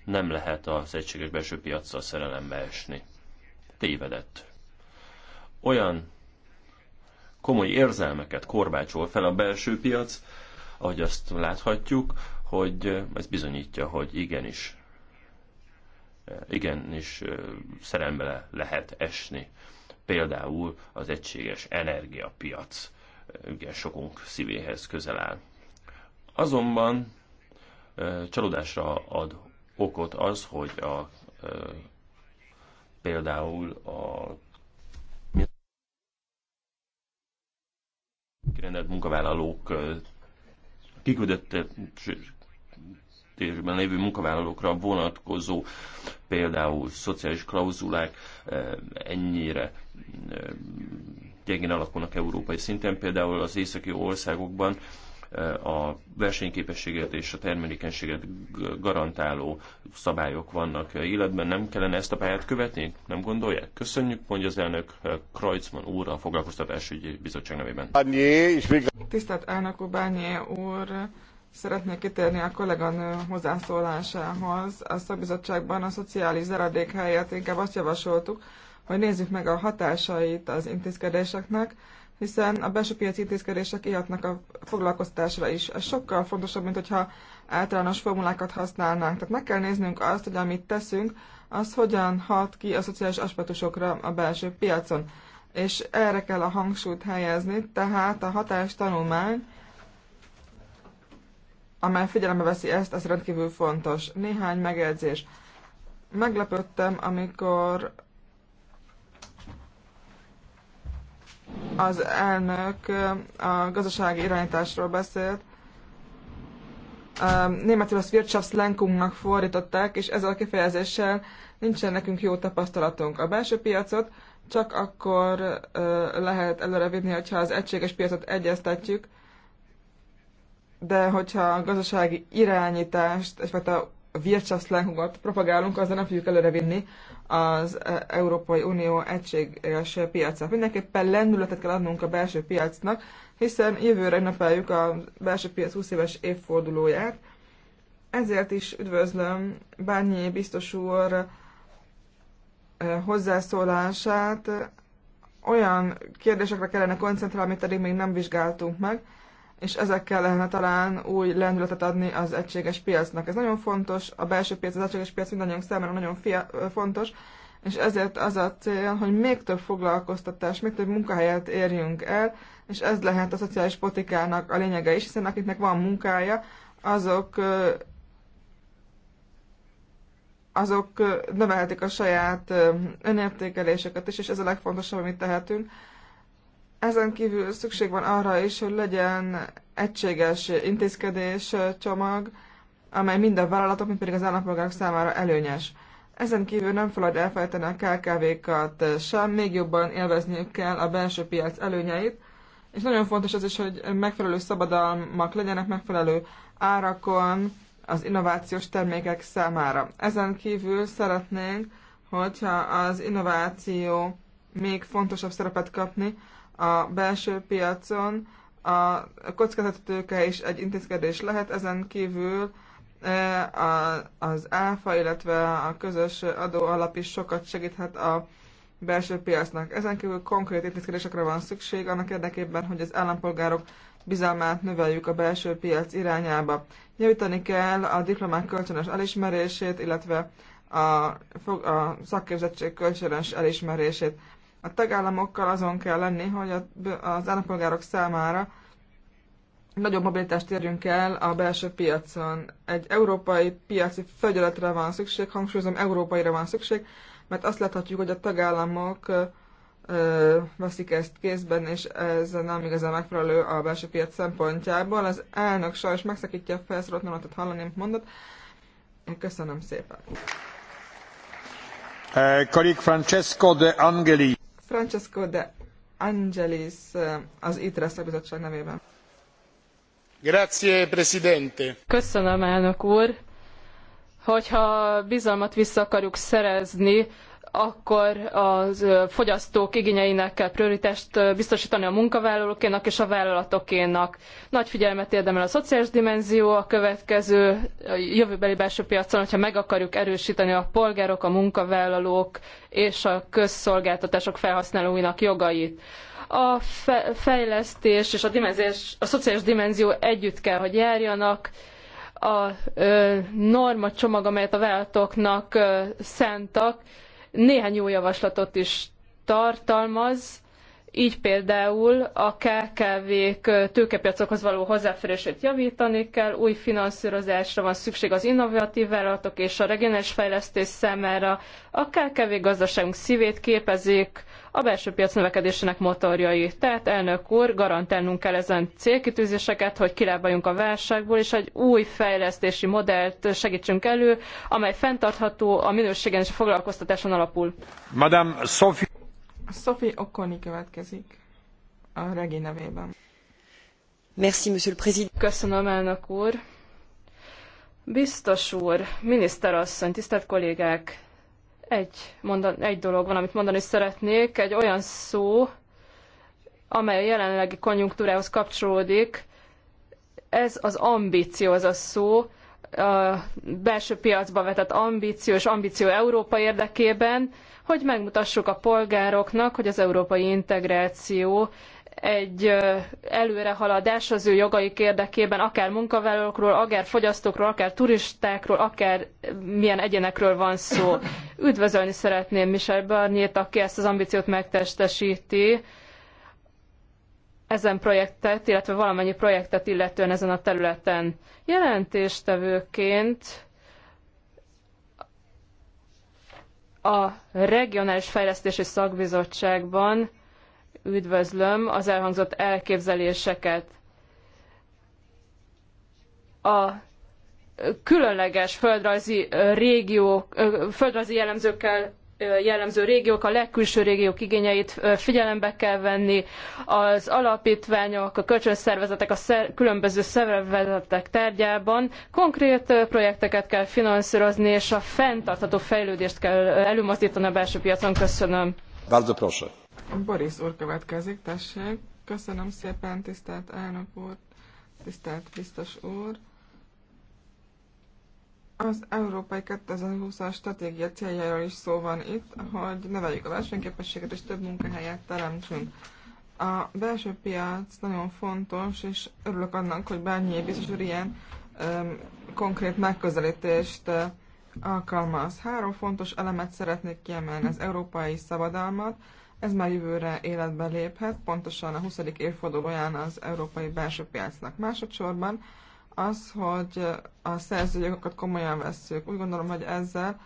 nem lehet az egységes belső piacsal szerelembe esni. Tévedett. Olyan komoly érzelmeket korbácsol fel a belső piac, ahogy azt láthatjuk, hogy ez bizonyítja, hogy igenis, igenis szerelembe lehet esni. Például az egységes energiapiac igen sokunk szívéhez közel áll. Azonban csalódásra ad okot az, hogy a, például a kirendelt munkavállalók kiküldött térben lévő munkavállalókra vonatkozó például szociális klauzulák ennyire gyengén alakulnak európai szinten, például az északi országokban eh, a versenyképességet és a termelékenységet garantáló szabályok vannak életben. Nem kellene ezt a pályát követni? Nem gondolják? Köszönjük, mondja az elnök eh, Kreutzmann úr a Foglalkoztatásügyi Bizottság nevében. Tisztelt elnök bányé úr, szeretnék kitérni a kolléganő hozzászólásához. A szakbizottságban a szociális zeradék helyett inkább azt javasoltuk, hogy nézzük meg a hatásait az intézkedéseknek, hiszen a belső piaci intézkedések ihatnak a foglalkoztatásra is. Ez sokkal fontosabb, mint hogyha általános formulákat használnánk. Tehát meg kell néznünk azt, hogy amit teszünk, az hogyan hat ki a szociális aspektusokra a belső piacon. És erre kell a hangsúlyt helyezni, tehát a hatás tanulmány, amely figyelembe veszi ezt, ez rendkívül fontos. Néhány megjegyzés. Meglepődtem, amikor Az elnök a gazdasági irányításról beszélt. Németül az "Wirtschaftslenkung"nak fordították, és ezzel a kifejezéssel nincsen nekünk jó tapasztalatunk. A belső piacot csak akkor lehet előrevinni, hogyha az egységes piacot egyeztetjük, de hogyha a gazdasági irányítást, egyfajta "Wirtschaftslenkung"ot propagálunk, azzal nem fogjuk előrevinni az Európai Unió egységes piacát. Mindenképpen lendületet kell adnunk a belső piacnak, hiszen jövőre ünnepeljük a belső piac 20 éves évfordulóját. Ezért is üdvözlöm Bányi biztos úr eh, hozzászólását. Olyan kérdésekre kellene koncentrálni, amit eddig még nem vizsgáltunk meg és ezekkel lehetne talán új lendületet adni az egységes piacnak. Ez nagyon fontos, a belső piac, az egységes piac mindannyiunk számára nagyon fia, fontos, és ezért az a cél, hogy még több foglalkoztatás, még több munkahelyet érjünk el, és ez lehet a szociális politikának a lényege is, hiszen akiknek van munkája, azok azok növelhetik a saját önértékeléseket is, és ez a legfontosabb, amit tehetünk, ezen kívül szükség van arra is, hogy legyen egységes intézkedés csomag, amely mind a vállalatok, mint pedig az állampolgárok számára előnyes. Ezen kívül nem felad elfelejteni a KKV-kat sem, még jobban élvezniük kell a belső piac előnyeit, és nagyon fontos az is, hogy megfelelő szabadalmak legyenek megfelelő árakon az innovációs termékek számára. Ezen kívül szeretnénk, hogyha az innováció még fontosabb szerepet kapni a belső piacon a kockázatotőke is egy intézkedés lehet, ezen kívül e, az áfa, illetve a közös adóalap is sokat segíthet a belső piacnak. Ezen kívül konkrét intézkedésekre van szükség annak érdekében, hogy az állampolgárok bizalmát növeljük a belső piac irányába. Nyújtani kell a diplomák kölcsönös elismerését, illetve a, a szakképzettség kölcsönös elismerését. A tagállamokkal azon kell lenni, hogy az állampolgárok számára nagyobb mobilitást érjünk el a belső piacon. Egy európai piaci fegyeletre van szükség, hangsúlyozom, európaira van szükség, mert azt láthatjuk, hogy a tagállamok ö, veszik ezt kézben, és ez nem igazán megfelelő a belső piac szempontjából. Az elnök sajnos megszakítja a felszorot, nem lehetett hallani, amit mondott. Köszönöm szépen. Kolik eh, Francesco de Angeli. Francesco de Angelis eh, az ITRESZ bizottság nevében. Grazie, Presidente. Köszönöm, elnök úr. Hogyha bizalmat vissza akarjuk szerezni, akkor a fogyasztók igényeinek kell prioritást biztosítani a munkavállalókénak és a vállalatokénak. Nagy figyelmet érdemel a szociális dimenzió a következő a jövőbeli belső piacon, hogyha meg akarjuk erősíteni a polgárok, a munkavállalók és a közszolgáltatások felhasználóinak jogait a fejlesztés és a, a szociális dimenzió együtt kell, hogy járjanak. A ö, norma csomag, amelyet a vállalatoknak szántak, néhány jó javaslatot is tartalmaz, így például a KKV-k tőkepiacokhoz való hozzáférését javítani kell, új finanszírozásra van szükség az innovatív vállalatok és a regionális fejlesztés számára. A KKV gazdaságunk szívét képezik, a belső piac növekedésének motorjai. Tehát elnök úr, garantálnunk kell ezen célkitűzéseket, hogy kilábaljunk a válságból, és egy új fejlesztési modellt segítsünk elő, amely fenntartható a minőségen és a foglalkoztatáson alapul. Madame Sophie. Sophie Okoni következik a regi nevében. Merci, monsieur le président. Köszönöm, elnök úr. Biztos úr, asszony, tisztelt kollégák! Egy, mondan, egy dolog van, amit mondani szeretnék, egy olyan szó, amely a jelenlegi konjunktúrához kapcsolódik, ez az ambíció, ez a szó, a belső piacba vetett ambíció és ambíció Európa érdekében, hogy megmutassuk a polgároknak, hogy az európai integráció egy előrehaladás az ő jogaik érdekében, akár munkavállalókról, akár fogyasztókról, akár turistákról, akár milyen egyenekről van szó. Üdvözölni szeretném Michel barnier aki ezt az ambíciót megtestesíti ezen projektet, illetve valamennyi projektet illetően ezen a területen. Jelentéstevőként a Regionális Fejlesztési Szakbizottságban üdvözlöm az elhangzott elképzeléseket. A különleges földrajzi régió, földrajzi jellemzőkkel jellemző régiók, a legkülső régiók igényeit figyelembe kell venni, az alapítványok, a kölcsönszervezetek, a szer különböző szervezetek tárgyában konkrét projekteket kell finanszírozni, és a fenntartható fejlődést kell előmozdítani a belső piacon. Köszönöm. Bardzo proszę. Boris úr következik, tessék. Köszönöm szépen, tisztelt elnök úr, tisztelt biztos úr. Az Európai 2020-as stratégia céljáról is szó van itt, hogy növeljük a versenyképességet és több munkahelyet teremtsünk. A belső piac nagyon fontos, és örülök annak, hogy bármilyen biztos úr ilyen öm, konkrét megközelítést alkalmaz. Három fontos elemet szeretnék kiemelni, az európai szabadalmat, ez már jövőre életbe léphet, pontosan a 20. évfordulóján az európai belső piacnak másodszorban. Az, hogy a szerzőjogokat komolyan vesszük, úgy gondolom, hogy ezzel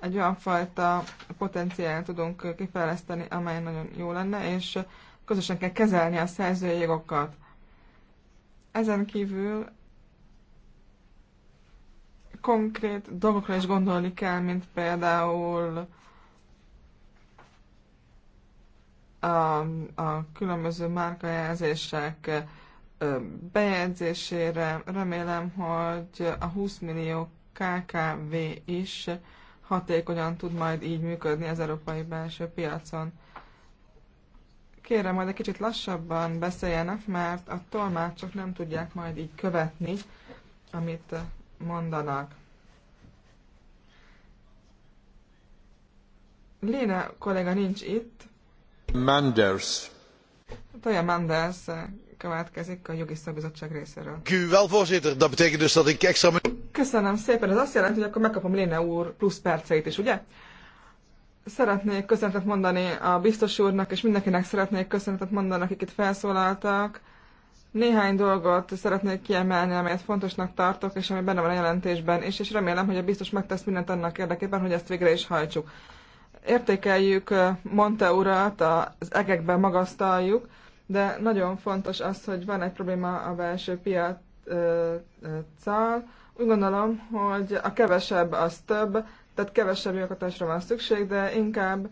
egy olyan fajta potenciált tudunk kifejleszteni, amely nagyon jó lenne, és közösen kell kezelni a szerzői jogokat. Ezen kívül konkrét dolgokra is gondolni kell, mint például a, a különböző márkajelzések bejegyzésére. Remélem, hogy a 20 millió KKV is hatékonyan tud majd így működni az európai belső piacon. Kérem, majd egy kicsit lassabban beszéljenek, mert a tolmácsok nem tudják majd így követni, amit mondanak. Léna kollega nincs itt, Manders. Tolja Manders következik a jogi szakbizottság részéről. Köszönöm szépen, ez azt jelenti, hogy akkor megkapom Léne úr plusz perceit is, ugye? Szeretnék köszönetet mondani a biztos úrnak, és mindenkinek szeretnék köszönetet mondani, akik itt felszólaltak. Néhány dolgot szeretnék kiemelni, amelyet fontosnak tartok, és ami benne van a jelentésben, és, és remélem, hogy a biztos megtesz mindent annak érdekében, hogy ezt végre is hajtsuk. Értékeljük Monte urat, az egekben magasztaljuk, de nagyon fontos az, hogy van egy probléma a belső piaccal. Úgy gondolom, hogy a kevesebb az több, tehát kevesebb jogatásra van szükség, de inkább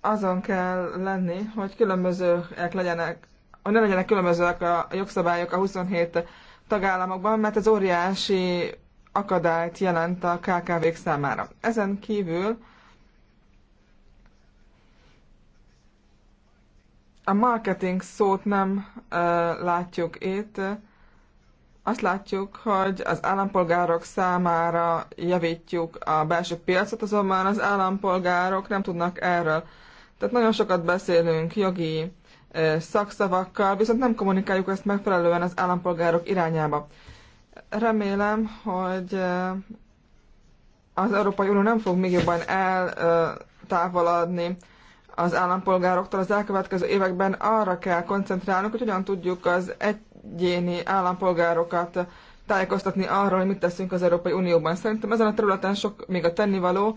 azon kell lenni, hogy különbözőek legyenek, hogy ne legyenek különbözőek a jogszabályok a 27 tagállamokban, mert ez óriási akadályt jelent a KKV-k számára. Ezen kívül a marketing szót nem uh, látjuk itt. Azt látjuk, hogy az állampolgárok számára javítjuk a belső piacot, azonban az állampolgárok nem tudnak erről. Tehát nagyon sokat beszélünk jogi ö, szakszavakkal, viszont nem kommunikáljuk ezt megfelelően az állampolgárok irányába. Remélem, hogy az Európai Unió nem fog még jobban eltávolodni az állampolgároktól. Az elkövetkező években arra kell koncentrálnunk, hogy hogyan tudjuk az egyéni állampolgárokat tájékoztatni arról, hogy mit teszünk az Európai Unióban. Szerintem ezen a területen sok még a tennivaló,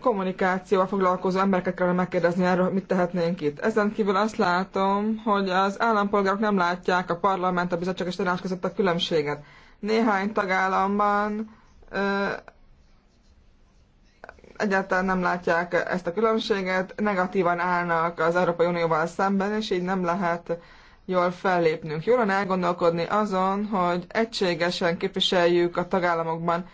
kommunikációval foglalkozó embereket kellene megkérdezni erről, hogy mit tehetnénk itt. Ezen kívül azt látom, hogy az állampolgárok nem látják a parlament, a bizottság és tanács között a különbséget. Néhány tagállamban ö, egyáltalán nem látják ezt a különbséget, negatívan állnak az Európai Unióval szemben, és így nem lehet jól fellépnünk. Jól lenne elgondolkodni azon, hogy egységesen képviseljük a tagállamokban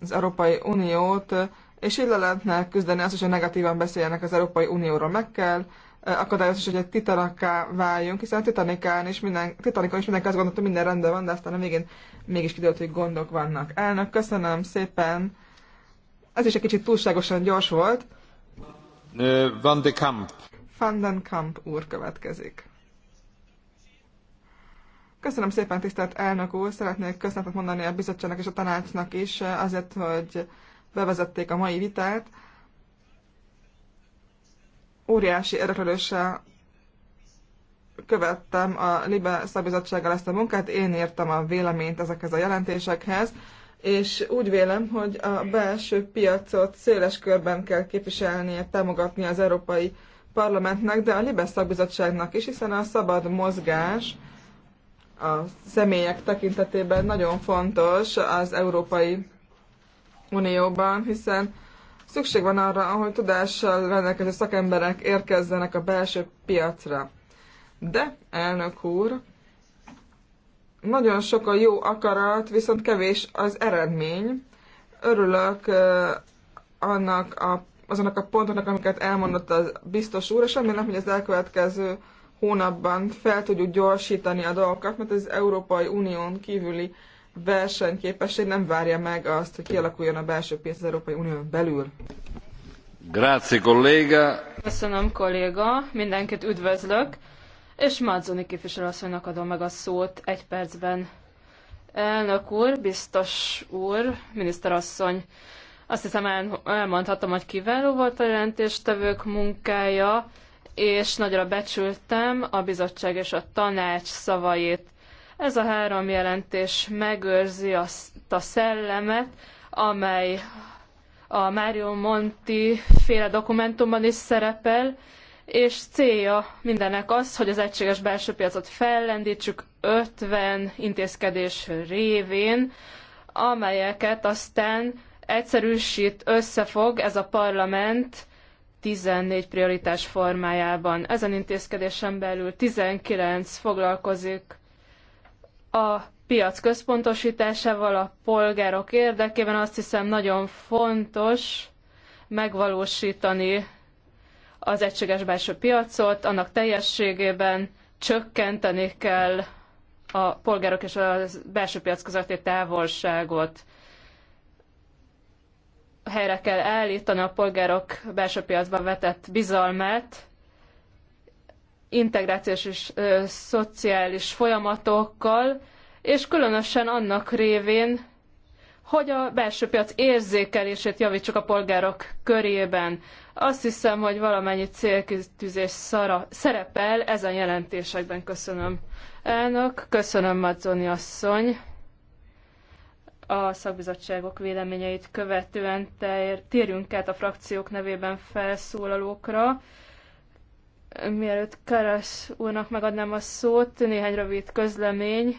az Európai Uniót, és így le lehetne küzdeni azt is, hogy negatívan beszéljenek az Európai Unióról. Meg kell eh, akadályozni, hogy egy titanakká váljunk, hiszen a titanikán is minden, titanikon is mindenki azt gondolta, hogy minden rendben van, de aztán a végén mégis kiderült, hogy gondok vannak. Elnök, köszönöm szépen. Ez is egy kicsit túlságosan gyors volt. Van de Kamp. Van den Kamp úr következik. Köszönöm szépen, tisztelt elnök úr! Szeretnék köszönetet mondani a bizottságnak és a tanácsnak is eh, azért, hogy bevezették a mai vitát. Óriási érdeklődéssel követtem a Libe Szabizottsággal ezt a munkát, én írtam a véleményt ezekhez a jelentésekhez, és úgy vélem, hogy a belső piacot széles körben kell képviselnie, támogatni az Európai Parlamentnek, de a Libe Szakbizottságnak is, hiszen a szabad mozgás a személyek tekintetében nagyon fontos az európai Unióban, hiszen szükség van arra, hogy tudással rendelkező szakemberek érkezzenek a belső piacra. De, elnök úr, nagyon sok a jó akarat, viszont kevés az eredmény. Örülök annak a, azonnak a pontoknak, amiket elmondott a biztos úr, és remélem, hogy az elkövetkező hónapban fel tudjuk gyorsítani a dolgokat, mert az Európai Unión kívüli versenyképesség nem várja meg azt, hogy kialakuljon a belső piac az Európai Unión belül. Grazie, kolléga. Köszönöm, kolléga. Mindenkit üdvözlök. És Madzoni képviselőasszonynak adom meg a szót egy percben. Elnök úr, biztos úr, miniszterasszony, azt hiszem el, elmondhatom, hogy kiváló volt a jelentéstevők munkája, és nagyra becsültem a bizottság és a tanács szavait. Ez a három jelentés megőrzi azt a szellemet, amely a Mario Monti féle dokumentumban is szerepel, és célja mindennek az, hogy az egységes belső piacot fellendítsük 50 intézkedés révén, amelyeket aztán egyszerűsít, összefog ez a parlament 14 prioritás formájában. Ezen intézkedésen belül 19 foglalkozik a piac központosításával a polgárok érdekében azt hiszem nagyon fontos megvalósítani az egységes belső piacot, annak teljességében csökkenteni kell a polgárok és a belső piac közötti távolságot. Helyre kell állítani a polgárok belső piacban vetett bizalmát, integrációs és ö, szociális folyamatokkal, és különösen annak révén, hogy a belső piac érzékelését javítsuk a polgárok körében. Azt hiszem, hogy valamennyi célkitűzés szerepel ezen jelentésekben. Köszönöm. Elnök, köszönöm Mazzoni asszony. A szakbizottságok véleményeit követően térjünk át a frakciók nevében felszólalókra. Mielőtt Karasz úrnak megadnám a szót, néhány rövid közlemény.